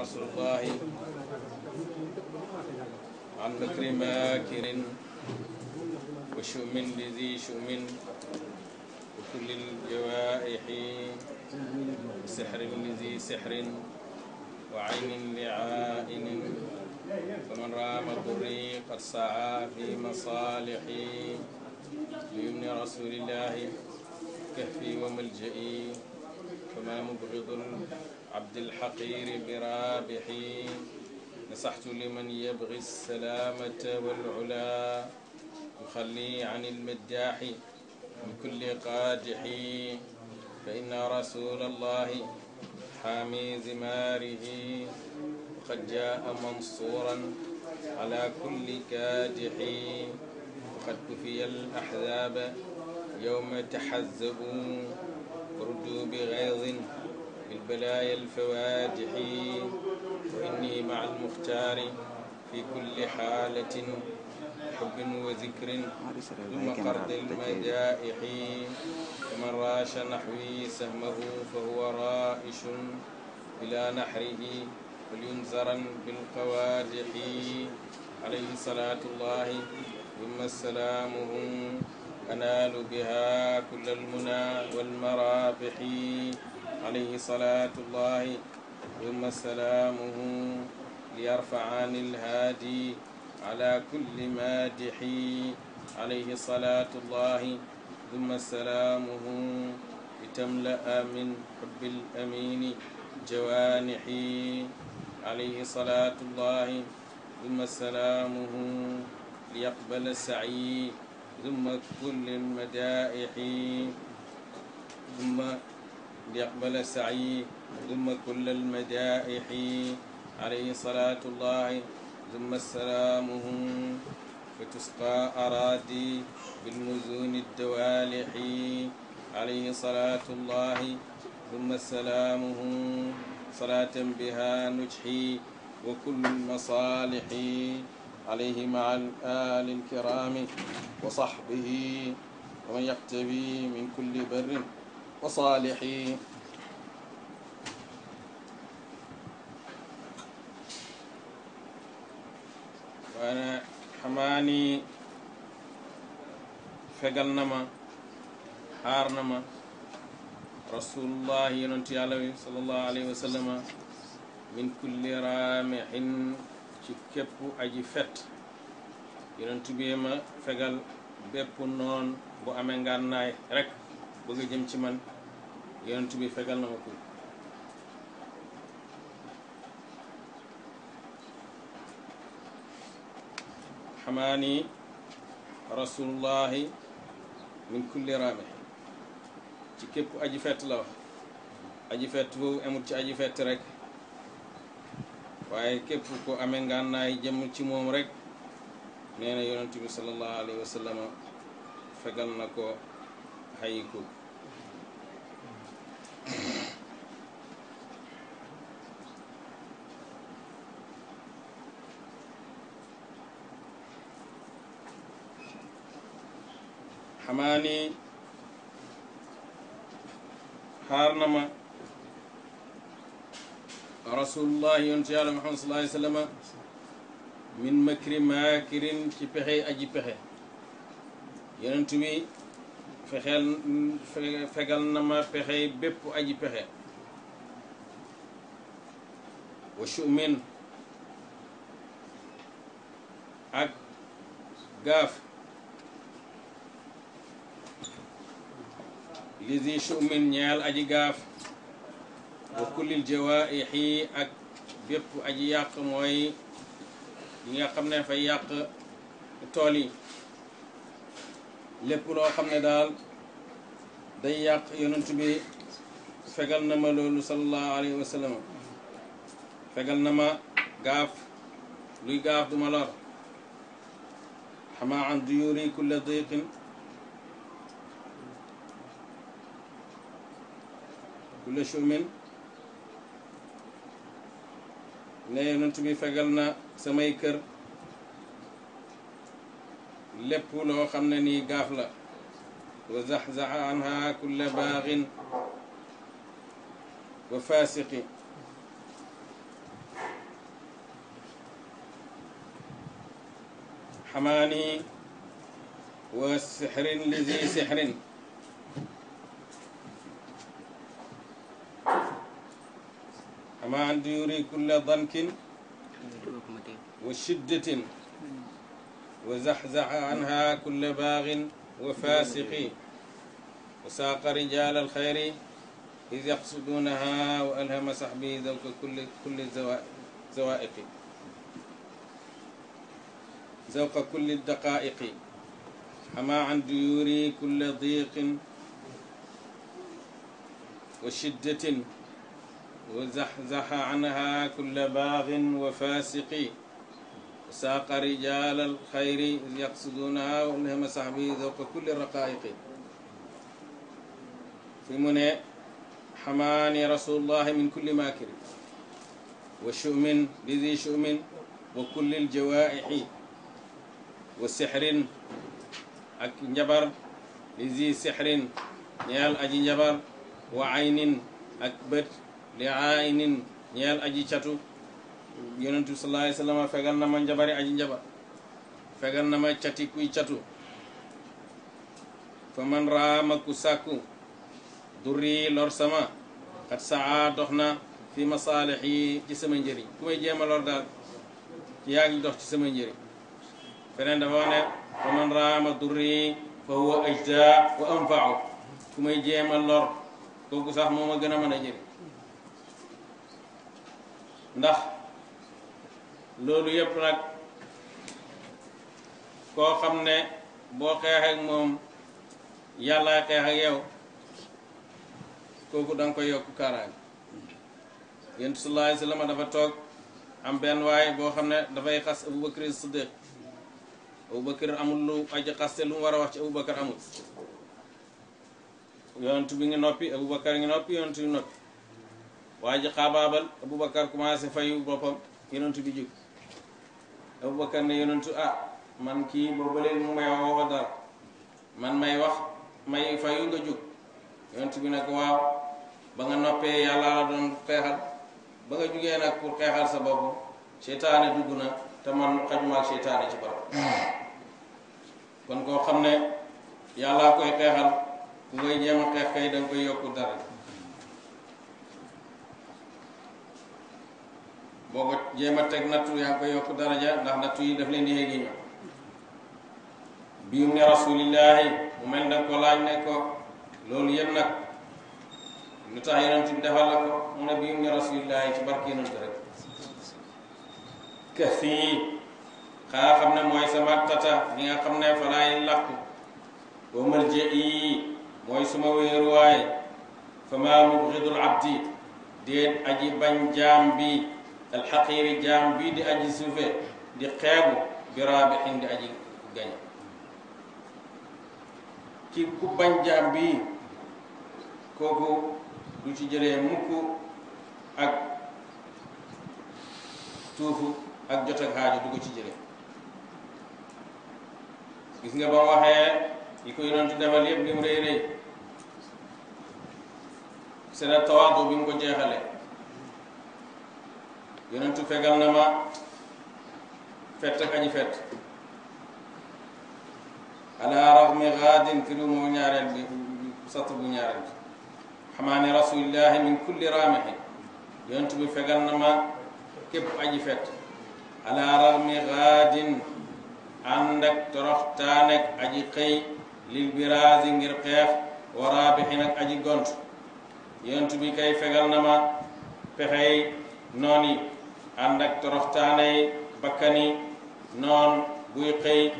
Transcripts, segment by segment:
رسول الله عن مكر ماكر وشؤم لذي شؤم وكل الجوائح سحر لذي سحر وعين لعائن فمن رام ضري قد سعى في مصالحي ليمن رسول الله كهفي وملجئي فما مبغض عبد الحقير برابحي نصحت لمن يبغي السلامة والعلا يخلي عن المداح من كل قادح فإن رسول الله حامي زماره وقد جاء منصورا على كل كادح وقد كفي الأحزاب يوم تحزبوا وردوا بغيظ بالبلايا الفوادح وإني مع المختار في كل حالة حب وذكر ثم قرض المدائح ومن راش نحوي سهمه فهو رائش إلى نحره ولينذرا بالقوادح عليه صلاة الله ثم السلامه أنال بها كل المنى والمرابح عليه صلاة الله ثم سلامه ليرفع عن الهادي على كل مادح عليه صلاة الله ثم سلامه لتملأ من حب الأمين جوانحي عليه صلاة الله ثم سلامه ليقبل سعي ثم كل المدائح ثم ليقبل سعيه ثم كل المدائح عليه صلاة الله ثم سلامه فتسقى أرادي بالمزون الدوالح عليه صلاة الله ثم سلامه صلاة بها نجحي وكل المصالح عليه مع الآل الكرام وصحبه ومن يقتبي من كل بر وصالحي وانا حماني فقلنما حارنما رسول الله ينتي علي صلى الله عليه وسلم من كل رامح تكب أجي فت ينتي بيما فقل بيبو نون بو أمين غارناي رك بغي جمتي من yonti mi fegal no makko hamani rasulullahi min kulli rame ci képp aji fett la aji fett boobu amul ci aji fett rek waaye képp ko amee ngànnaay jëm ci moom rek nee na yonente bi sal allahu alayhi wa sallam fegal na ko hayi kóog ماني هارنما رسول الله ينتهي محمد صلى الله عليه وسلم من مكر ماكر كبحي أجي بحي ينتمي فخل فخل نما بحي بيب أجي بحي وشؤمن أك غاف لذي شؤم نيال اجيغاف وكل الجوائح اك بيب اجياق موي ليغا خامن فا ياق تولي لب لو خامن دال داي ياق يونت بي فغال نما لول صلى الله عليه وسلم فغال نما غاف لوي غاف دوما لور حما عن ديوري كل ضيق كل شيء من ني نونتمي فغالنا ساماي كير لپ لو خامنا ني غافلا وزحزح عنها كل باغ وفاسق حماني وسحر لذي سحر أما عندي يري كل ضنك وشدة وزحزح عنها كل باغ وفاسق وساق رجال الخير إذ يقصدونها وألهم سحبي ذوق كل كل الزوائق ذوق كل الدقائق أما عن ديوري كل ضيق وشدة وزحزح عنها كل باغ وفاسق ساق رجال الخير يقصدونها وألهم صحبه ذوق كل الرقائق في منى حماني رسول الله من كل ماكر وشؤم بذي شؤم وكل الجوائح وسحر أكنجبر لذي سحر نيال أجنجبر وعين أكبر li ini ñeel aji chatu yonent bi sallallahu alayhi wasallam fegal na ma njabari aji njaba fegal na ma cati kuy catu fa man raama lor sama kat saa dox na fi masaalix yi ci sama njëriñ ku may lor daal yaa ngi dox ci sama njëriñ feneen dafa wax ne fa man fa huwa ajda wa anfau ku may lor kooku sax moo ma gën ndax loolu yëpp nag koo xam ne boo xeex moom yàlla xeex ak kooku danga koy yokk kaaraange yéen sallallahu alayhi wa sallam dafa toog am benn waaye boo xam ne dafay xas Abubakar Siddiq Abubakar amul lu aji xaste lu mu war a wax ci Abubakar amul yonent bi ngi noppi Abubakar ngi noppi yonent bi noppi waa ji xaabaabal aboubacar commencé fayu boppam yonentu bi jóg aboubacar ne yonentu ah man kii booba léegi mu may wax waxo dara man may wax may fayu nga jóg yonent bi nag waaw ba nga noppee yàlla doon xeexal ba nga jugee nag pour xeexal sa bopp seytaane dugg na te man xajumaak seytaane ci barab kon koo xam ne yàllaa koy xeexal ku ngay jéem a xeex kay da nga koy yokku dara boo ko jéem a teg nattu yaa ngi koy yokk daraja ndax nattu yi daf leen di yéegi ñoom biim ne rasulillahi mu mel ne ko laaj ne ko loolu yëpp nag lu tax yonent bi la ko a ne biim ne rasulillahi ci barke yonent rek kër fii xanaa xam ne mooy sama tata li nga xam ne fa laay làqu boo mal mooy suma wéeruwaay fa maa mubridul abdi déet aji bañ jaam bi alhaqiri jam biide aji suufe ndi xeegu biraaɓe hinde aji gañe ki kubbañ jam bi koko duti jere mukku ak tuufu ak jotak haajo dugo ci jere gis nga ba waxee yi ko yonanti demal yëpp ni mu rëy rëy sena tawaadu bi mu ko jeexale yonentu fegal na ma fett kañi fett ala rahmi gadin kirumu ñaareel bi sat bu ñaareel bi xamaani rasulillahi min kulli ramihi yonentu bi fegal na ma képp aji fett ala rahmi gadin andak ak toroxtaan ak aji xëy lil biraasi ngir xeex wa raabixin ak aji gont yonentu bi kay fegal na ma pexey noon ànd ak toroxtaanay bakkani noon buy xëy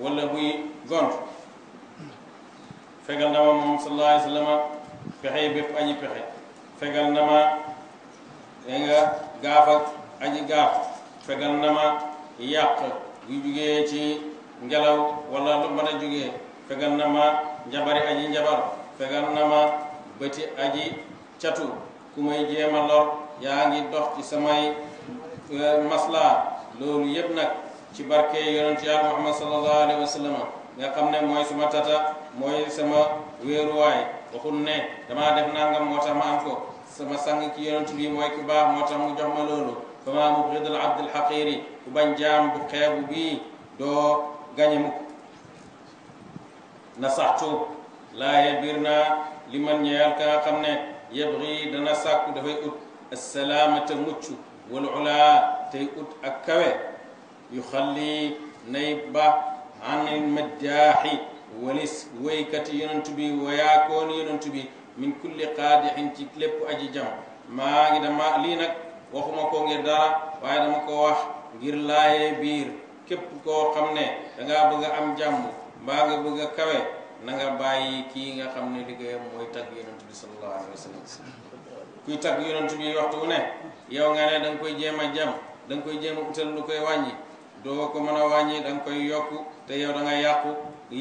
wala buy gont fegal na ma moom sallallahu alayhi wa sallam bépp aji pexe fegal na ma da gaaf ak aji gaaf fegal na ma yàq buy jugee ci ngelaw wala lu mën a jugee fegal na ma njabari aji njabar fegal na ma bëti aji catu ku may jéema lor yaa ngi dox ci samay Euh, masla loolu yëpp nag ci barke yonent yàlla muhammad sallallahu alayhi tata mooy sama wéeruwaay waxul ne damaa def nangam moo tax ma am ko sama sang ki yonent bi mooy ku moo tax mu jox ma loolu fama mubridal abdul xaqiri ku bañ bu xeebu bii doo gañe mukk na sax tuub laaye li man ñeyal ka nga xam ne yebri dana sàkku dafay ut assalaamata mucc wolwula tey ut a kawe yuxalli nay ba anil madjaxi walis woykati yonantu bi wayaakooni yonantu bi min kulli qaadixin ci lépp aji jam maa ngi dama lii nag waxuma ko ngir dara waaye dama ko wax ngir laaye biir képp koo xam ne danga bëgg a am jàmm mbaa nga bëgg a kawe na nga bàyyi kii nga xam ne liggéeyam mooy tag yonantu bi salallahu alehi wa sallam kuy tagg yonent bi waxtu wu ne yow nga ne da koy jéem a jam da koy jéem a utal lu koy wàññi doo ko mën a wàññi da koy yokk te yow da yàqu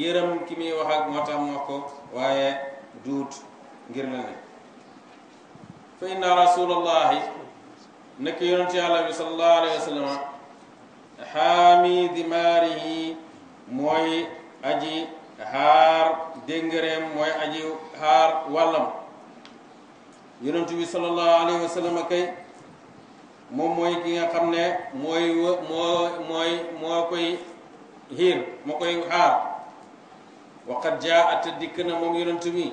yërëm ki muy wax ak moo tax mu ko waaye duut ngir la ne fa inna rasulallahi nekk yonent yàlla bi sallallahu alayhi wa sallam mooy aji xaar déngareem mooy aji xaar wàllam yonent bi sallallahu alayhi wa sallam kay moom mooy ki nga xam ne mooy moo mooy moo koy xiir moo koy xaar waqad jaat dikk na moom yonent bi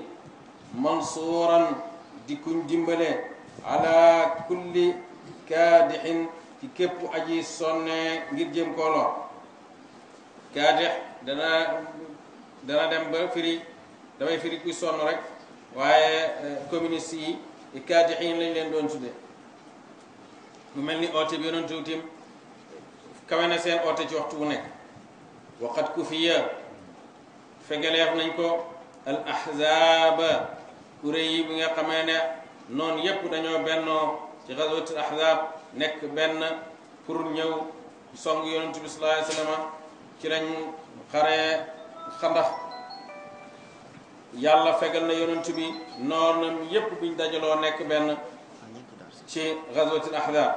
di kuñ dimbale ala kulli kaadixin ci képp aji sonne ngir jëm koolo kaadix dana dana dem ba firi damay firi kuy sonn rek waaye eh, communiste yi i kaadixiin lañ leen doon tudde mu mel ni oote bi yonent tuutim kawe na seen oote ci waxtu bu nekk waqat ku fiya fegeleef nañ ko al ahzaaba kuréel bi nga xamee ne noonu yépp dañoo bennoo ci xaswatul ahzaab nekk benn pour ñëw song yonent bi sallallahu alayhi wa ci lañ xaree xandax yàlla fegal na yonent bi noonam yépp buñ dajaloo nekk benn ci gazwatil ahzab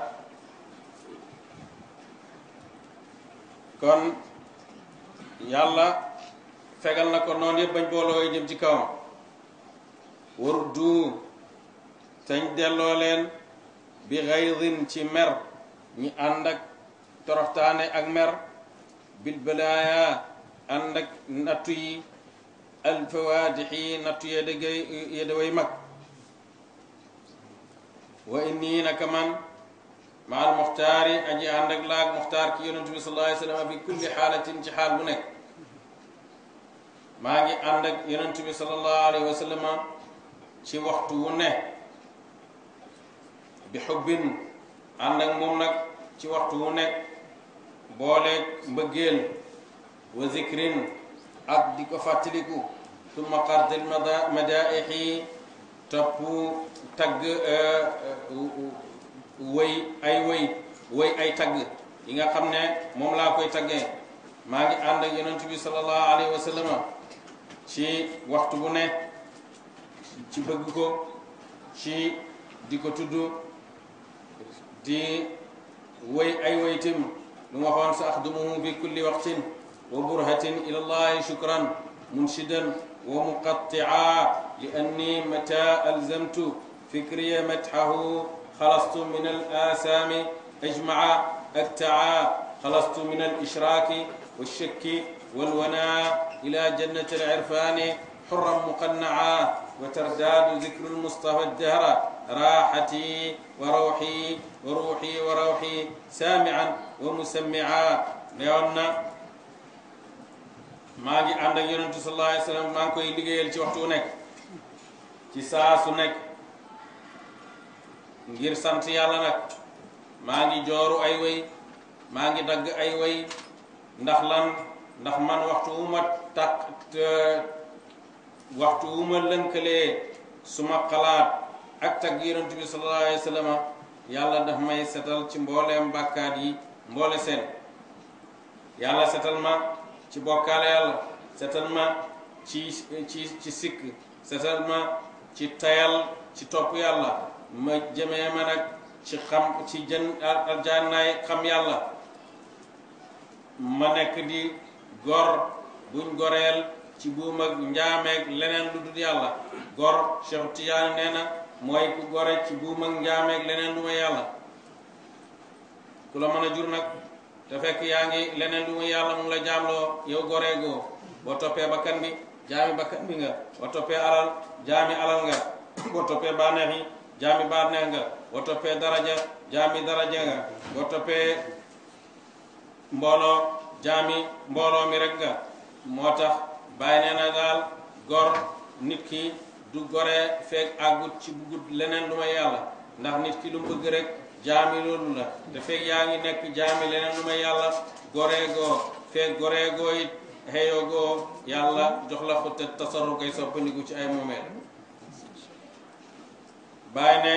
kon yàlla fegal na ko noonu yëpp bañ booloo yi ci kawam waru du teñ delloo leen bi xayrin ci mer ñu ànd ak toroxtaane ak mer bil balaaya ànd ak nattu yi الفوادح نط يدوي يدوي مك واني نكمن مع المختار اجي عندك لاك مختار كي ينتبه صلى الله عليه وسلم في كل حالة انتحال منك ماجي عندك ينتبه صلى الله عليه وسلم في وقت ونه بحب عندك مونك في وقت ونه بولك مبقل وذكرين أبدك فاتلكو ثم قرض المدائح topp tagg wëy ay wëy wëy ay tagg yi nga xam ne moom laa koy taggee maa ngi ànd ak yonent bi sallallahu alayhi wa sallam ci waxtu bu ne ci bëgg ko ci di ko tudd di wëy ay wëy tim lu ma waxoon sa axdumuhu fi kulli waqtin wa burhatin ila allahi shukran munshidan ومقطعا لأني متى ألزمت فكري مدحه خلصت من الآثام أجمع أكتعا خلصت من الإشراك والشك والونا إلى جنة العرفان حرا مقنعا وترداد ذكر المصطفى الدهر راحتي وروحي وروحي وروحي سامعا ومسمعا لأن maa ngi ànd ak yonentu sallallahu alayhi wa sallam ci waxtu nekk ci saa su nekk ngir sant yàlla nag maa ngi jooru ay way maa ngi dagg ay way ndax lan ndax man waxtu wu ma takk waxtu wu ma su ma xalaat ak tagg yonentu bi sallallahu alayhi wa yàlla daf may setal ci mbooleem bàkkaat yi mboole seen yàlla setal ma ci bokkaale yàlla setal ma ci ci ci sikk setal ma ci tayal ci topp yàlla ma jëmee ma nag ci xam ci jën aljannaay xam yàlla ma nekk di gor buñ goreel ci buum ak njaameeg leneen lu dul yàlla gor Cheikh Tidiane nee na mooy gore ci buum ak njaameeg leneen lu yàlla ku la mën a jur nag te yaa ngi leneen lu muy yàlla mu ngi la jaamloo yow goreegoo boo toppee bakkan bi jaami bakkan bi nga boo toppee alal jaami alal nga boo toppee bànneex yi jaami bànneex nga boo toppee daraja jaami daraja nga boo toppee mbooloo jaami mbooloo mi rek nga moo tax bàyyi nee na daal gor nit ki du goree feeg àggut ci bugut leneen lu ma yàlla ndax nit ki lu mu bëgg jaami loolu la te fekk yaa ngi nekk jaami leneen lu may yàlla goreegoo fekk goreegoo it xeyogoo yàlla jox la xutta tasaru koy soppandiku ci ay moomeel bàyyi ne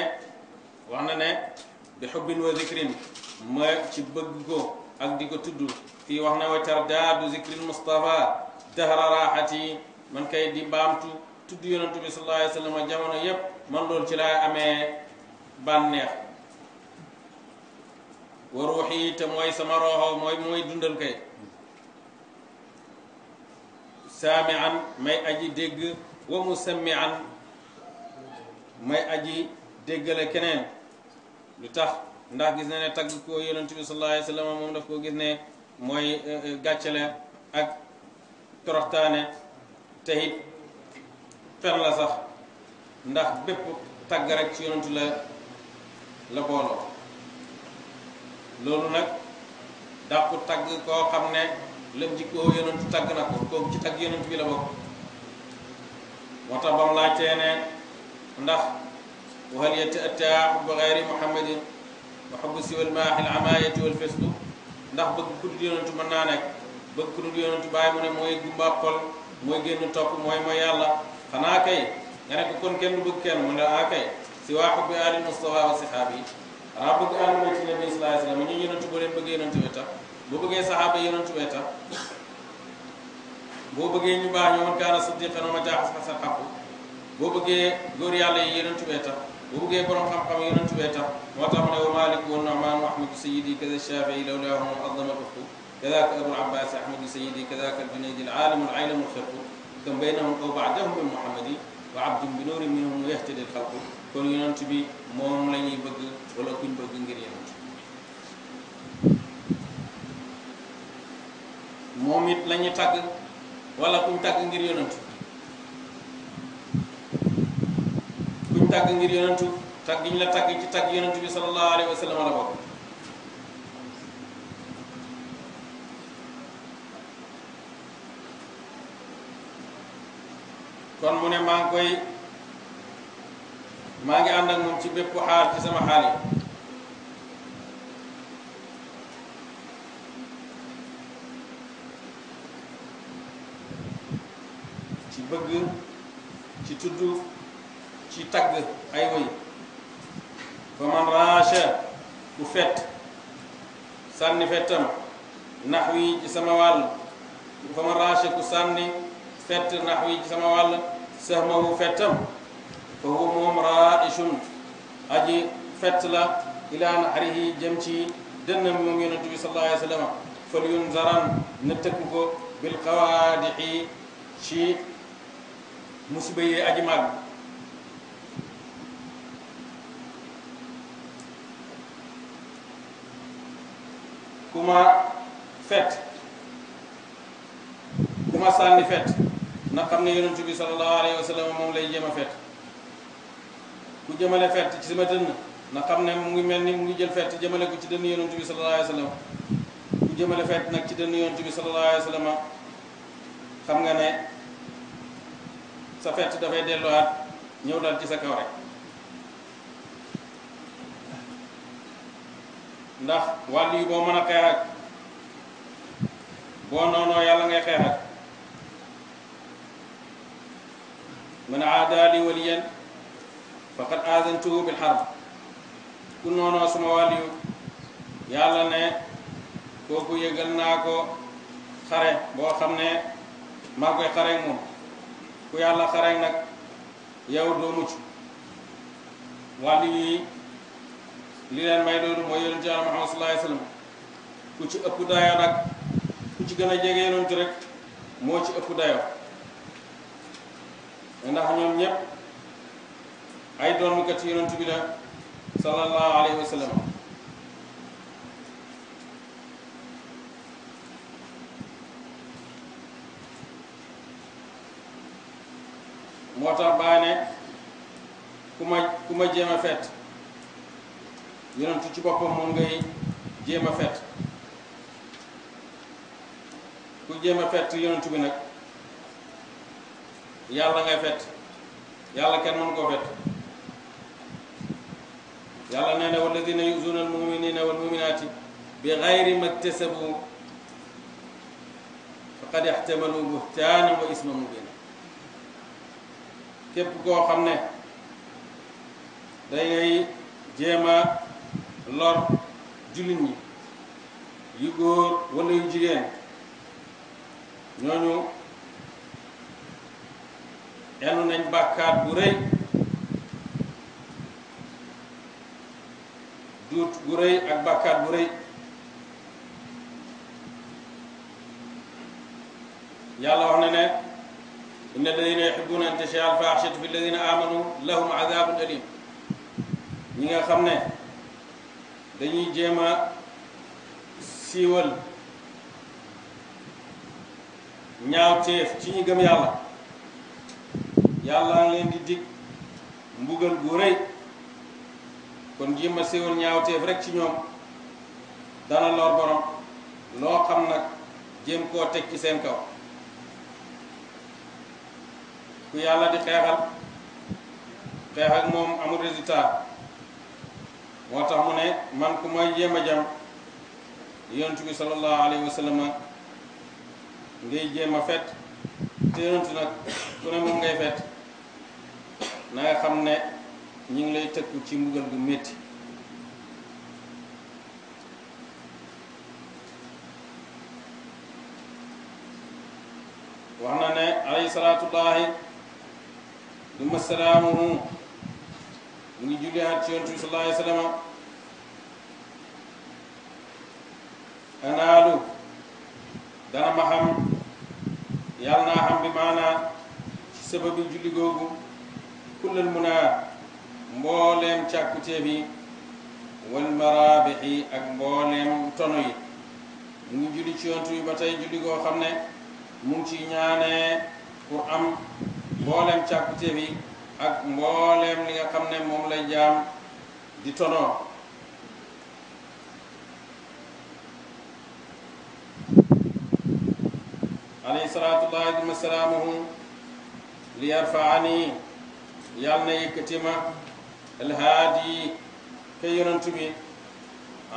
wax na ne bi xubbin wa zikrin ma ci bëgg ko ak di ko tudd fii wax na wa tardaadu zikrin Mustafa dahra raaxati man kay di baamtu tudd yonantu bi sallallahu alayhi wa sallam jamono yépp man loolu ci laay amee bànneex wa ruuxi te mooy sama rooxo mooy mooy dundal kay saami an may aji dégg wa musammi an may aji déggale keneen lu tax ndax gis na ne tagg ko yonent bi wa sallam moom daf ko gis ne mooy eh, eh, gàccale ak toroxtaane te it la sax ndax bépp tagg rek ci yonentu la booloo loolu nag dàqu tagg koo xam ne lam jikkoo yonentu tagg na ko kooku ci tagg yonent bi la bokk moo tax ba mu laajtee ne ndax waxal yette attaa xubbu xayri muhammadin wa xubbu siwal maaxil amaayati wal fesbu ndax bëgg ku dul yonentu mën naa nekk bëgg ku dul yonentu bàyyi mu ne mooy gumba xol mooy génn topp mooy mooy yàlla xanaa kay nga ne ko kon kenn du bëgg kenn mu ne ah kay si waa xubbi aali mustafa wa sixaabi a bëgg ànd mooy ci nabi sallallahu alayhi wa sallam ñu yonentu boo leen bëggee yonentu weta boo bëggee saxaaba yonentu weta boo bëggee ñu baax ñoo man kaana siddiqan wa ma jaaxas xasan xaqu boo bëggee góor yàlla yi yonentu weta boo bëggee borom xam-xam yonentu weta moo tax mu ne wa malik wa nu'man wa ahmadu sayidi kada shafii lawlahum adama luftu كذاك أبو العباس أحمد سيدي كذاك الجنيد العالم العلم الخلق كم بينهم أو بعدهم بالمحمدي وعبد بنور منهم يهتدي الخلق كون ينتبي موم لن يبقى wala kuñ bëgg ngir yow moom it lañuy tàgg wala kuñ tàgg ngir yonantu kuñ tàgg ngir yonantu tàgg ñu la tàgg ci tàgg yonantu bi sallallahu alayhi wa sallam la bokk kon mu ne maa koy maa ngi ànd ak moom ci bépp xaal ci sama xaal ci bëgg ci tudd ci tagg ay woy fa man raacha bu fett sànni fettam nax wi ci sama wàll fa man raacha ku sànni fett nax wi ci sama wàll mu fettam fa huwa moom raaichun aji fett la ilaa naxarihi jëm ci dënnam moom yonent bi sallallahu alayhi wa sallam fal ko bil qawaadixi ci musiba yi aji màgg kuma fet kuma sànni fet na xam ne yonent bi sallallahu alayhi moom lay jéem fet ku jëmale fett ci sama dënn na xam ne mu ngi mel ni mu ngi jël fett jëmale ko ci dënn yonent bi sallallahu alayhi ku jëmale fett nag ci dënn yonent bi sallallahu alayhi xam nga ne sa fett dafay delluwaat ñëw dal ci sa kaw rek ndax wàll yi boo mën a xeex ak boo noonoo yàlla ngay xeex mën man aada li faqad azantuhu bil harb ku noonoo sama wàlliyu yàlla ne kooku yëgal naa ko xare boo xam ne maa koy xare moom ku yàlla xare nag yow doo mucc wàlliyu yi li leen may loolu mooy yonent yàlla Muhammad sallallahu alayhi wasallam ku ci ëpp dayo nag ku ci gën a jege yonent rek moo ci ëpp dayo ndax ñoom ñépp ay doon kat ci yonent bi la sallallahu alayhi wa moo tax baa ne ku ma ku ma jéem a fet ci boppam moom ngay jéem a fet ku jéem a fet yonentu bi nag yàlla ngay fet yàlla kenn mën koo fet yàlla nee na walladina yuzuuna almuminina walmuminaati bi gayri ma ktasabu faqad ixtamalu buhtaanan wa isma mubina képp koo xam ne day jéema lor jullit yi yu góor wala yu jigéen ñooñu enu nañ bàkkaat bu rëy juut gu rëy ak bàkkaat bu rëy yàlla wax na ne inna alladina yuhibbuna an tashia al faaxishatu fi alladina amanu lahum adabun alim ñi nga xam ne dañuy jéem a siiwal ñaawteef ci ñi gëm yàlla yàlla ngi leen di dig mbugal gu rëy kon jéem a séwal ñaawteef rek ci ñoom dana lor borom loo xam nag jéem koo teg ci seen kaw ku yàlla di xeexal xeex ak moom amul résultat moo tax mu ne man ku may jéem a jam yonentu bi sallallahu alayhi wa sallam ngay jéem a fet te yonentu nag ku ne moom ngay fet na xam ne ñu ngi lay tëkku ci mbugal gu métti wax na ne alayhi salaatullahi du masalaamuhu mu ngi julliwaat ci yonent bi sallallahu alayhi wa sallam anaalu ma xam yàlla naa xam bi maanaa ci sababi julli googu kullal munaa mboolem cakkuteemi won maraabihi ak mboolem tono yi mu ngi julli ci yontu yi ba tey julli koo xam ne mu ngi ci ñaanee pour am mboolem cakkuteemi ak mboolem li nga xam ne moom lay jaam di tonoo alayhi salatu llahi dima salaamuhu li yarfaani yàll na yëkkati ma alhaadi te yonantu bi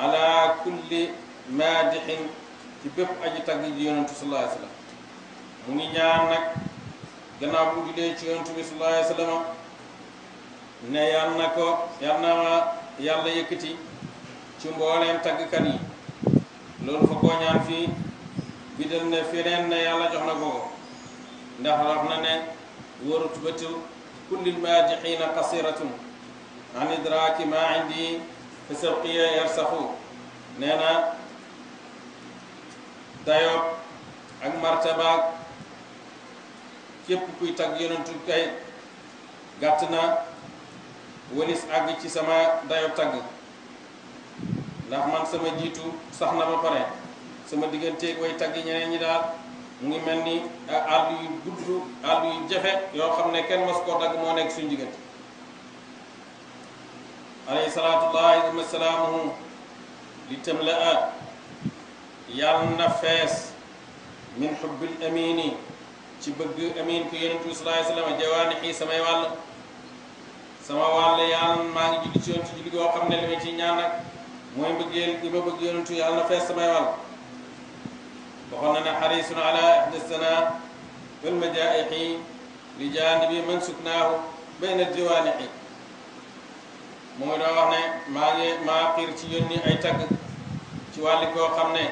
ala kulli maadixin ci bépp aji tagg ji yonantu sallallahu alayhi wa sallam mu ngi ñaan nag gannaaw bu julee ci yonantu bi sallallahu wa sallam ne yal ko yàlla yëkkati ci mbooleem taggkat yi loolu fa koo ñaan fii bidal ne feneen ne yàlla jox na ko ko ndax wax na ne warut bëtu kullil maadixiina qasiratun Ani idraki ma indi fi sirqiya yarsaxu nee na dayob ak martabaak képp kuy tag yonentu kay gàtt walis àgg ci sama dayob tagg ndax man sama sahna sax na ba pare sama digganteeg way tagg ñeneen ñi daal mu ngi mel ni àll yu gudd àll yu jafe mas koo dagg moo nekk عليه الصلاة والسلام السلام لتملأ يالنا فاس من حب الأمين تبقى أمين في ينتو صلى الله عليه وسلم جوان حي سماي وال سماي وال يالنا ما نجيك شون تجيك وقم نلمتي نانك مهم بجيل إبا بجيل ينتو يالنا فاس سماي وال وقالنا حريص على إحدى السنة والمجائحين لجانب من سكناه بين الجوانحين mu ngi doon wax ne maa ngi maa xiir ci ni ay tagg ci wàlli koo xam ne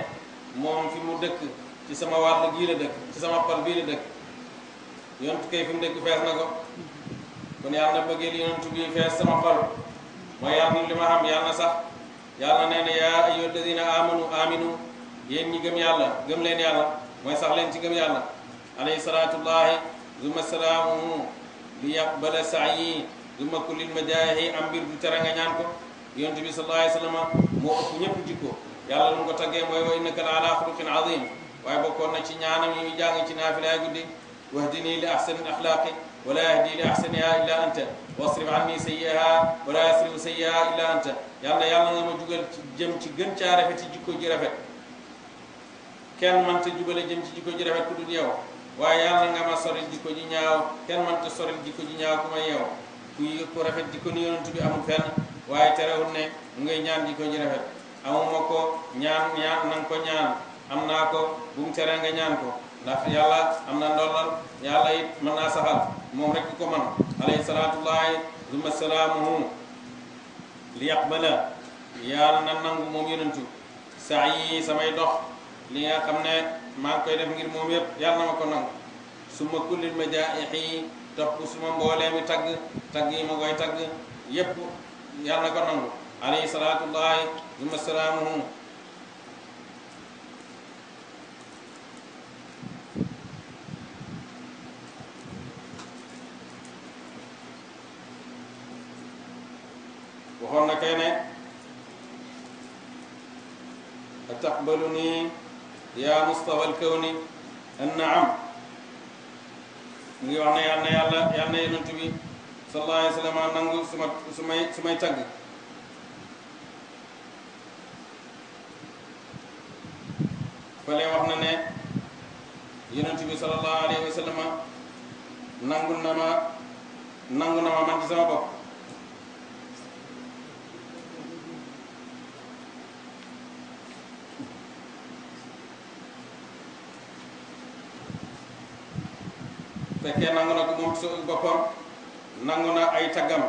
moom fi mu dëkk ci sama wàll gii la dëkk ci sama xol bii la dëkk yontu kay fi mu dëkk fees na ko kon yàlla na bëggee li yontu bii fees sama xol mooy yàlla li ma am yàlla na sax yàlla nee na yaa ayyuha alladina amanu aminu yéen ñi gëm yàlla gëm leen yàlla mooy sax leen ci gëm yàlla alayhi salaatullahi zuma salaamuhu li yaqbala saayi du makkulil ma jaay hey am mbir du tere nga ñaan ko yonent bi sallallahu alayhi wa sallam moo ñëpp jikko yàlla lu ko taggee mooy wa innaka ala xuluqin azim waaye bokkoon na ci ñaanam yi ñu jàng ci naafilaay guddi wahdini li ahsani al axlaaqi wala yahdi li ahsaniha illa anta wasrif anni sayyiha wala yasrifu sayyiha illa anta yàlla yàlla nga ma jugal jëm ci gën caa rafet ci jikko ji rafet kenn mënta jubale jëm ci jikko ji rafet ku dul yow waaye yàlla nga ku ku rafet jikko ni yonent bi amul fenn waaye terewul ne mu ngay ñaan jikko ji rafet amuma ko ñaan ñaan nanga ko ñaan am naa ko bu mu tere nga ñaan ko ndax yàlla am na ndollal yàlla it mën naa saxal moom rek ko man alayhi salaatullahi zuma salaamuhu li yaqbala yàlla na nangu moom saa yi samay dox li nga xam ne maa ngi koy def ngir moom yépp yàlla na ma ko nangu topp suma mbooleemi tagg tagg yi ma koy tagg yépp yal na ko nangu alayhi salaatullahi summa salaamuhu waxoon na kay ne ataqbaluni ya mustafa alkawni an naam mu ngi wax ne yàlla na yàlla yàlla na yonent bi wa sallam nangu su may su may tagg fale wax na ne yonent bi sallallahu alayhi wa sallam nangu na ma nangu na ma man ci sama bopp fekkee nangu na ko moom ci boppam nangu na ay taggam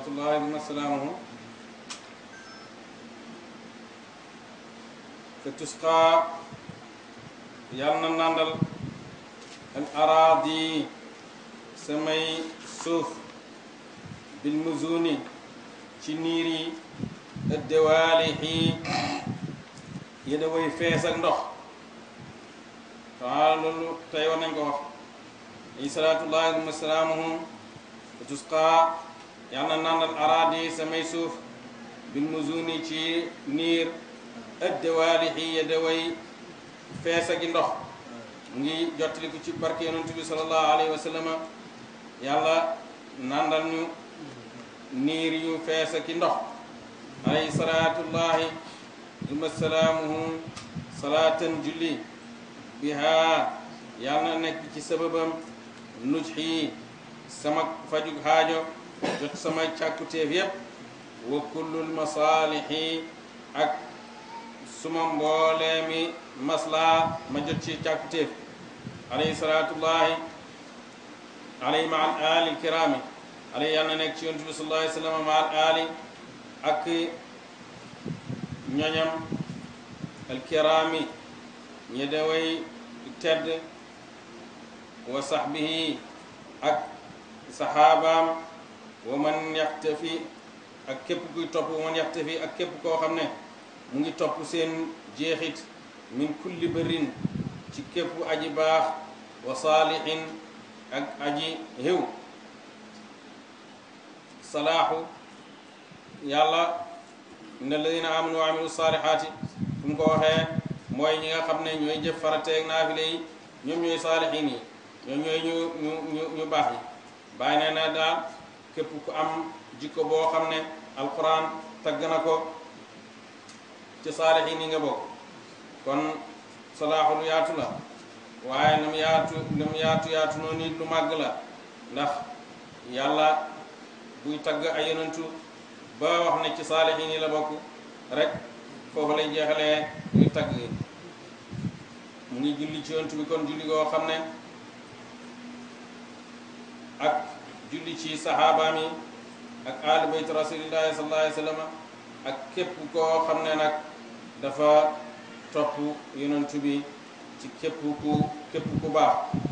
صلوات الله وسلامه فتسقى يالنا ناندل الأراضي سمي سوف بالمزون تنيري الدوالح يدوي فيس النخ تعالى لولو تايوان نكو عليه صلاة الله وسلامه فتسقى يعني نان الأراضي سميسوف بالمزوني شيء نير الدوالي هي دوي فاسا جندو نجي جاتلي كتشي بركي ننتبه صلى الله عليه وسلم يلا نان دانيو نير يو فاسا جندو أي صلاة الله ثم السلام هم صلاة جلي بها يعني نكتشي سببا نجحي سمك فجوك هاجو jot samay càkkuteef yépp wa kullul masaalihi ak suma mboolee mi maslaa ma jot ci càkkuteef alayhi salaatullahi alayhi ma al ali kiraami alayhi yàlla na nekk ci yontu bi sallallahu alayhi wa sallam ma al ali ak ñoñam al kiraami ñi daway tedd wa sahbihi ak saxaabaam wa man yaxtafi ak képp ku topp wa man yaxtafi ak képp koo xam ne mu ngi topp seen jeexit min kulli barin ci képp aji baax wa saalixin ak aji xew salaaxu yàlla inna alladina aamanu wa amilu saalixaati fu mu ko waxee mooy ñi nga xam ne ñooy jëf farateeg naa fi lay ñoom ñooy saalixin yi ñoom ñooy ñu ñu ñu baax yi bàyyi nee naa daal képp ku am jikko boo xam ne alquran tagg na ko ci saalihiin yi nga bokk kon salaaxu lu yaatu la waaye lu yaatu lu yaatu yaatu noonu lu màgg la ndax yàlla buy tagg ay yonentu ba wax ne ci saalihiin yi la bokk rek foofu lay jeexalee muy tagg mu ngi julli ci yonentu bi kon julli goo xam ne ak julli ci saxaabaam yi ak aali bayt rasulillahi sallallahu ak képp koo xam ne nag dafa topp yonentu bi ci képp ku képp baax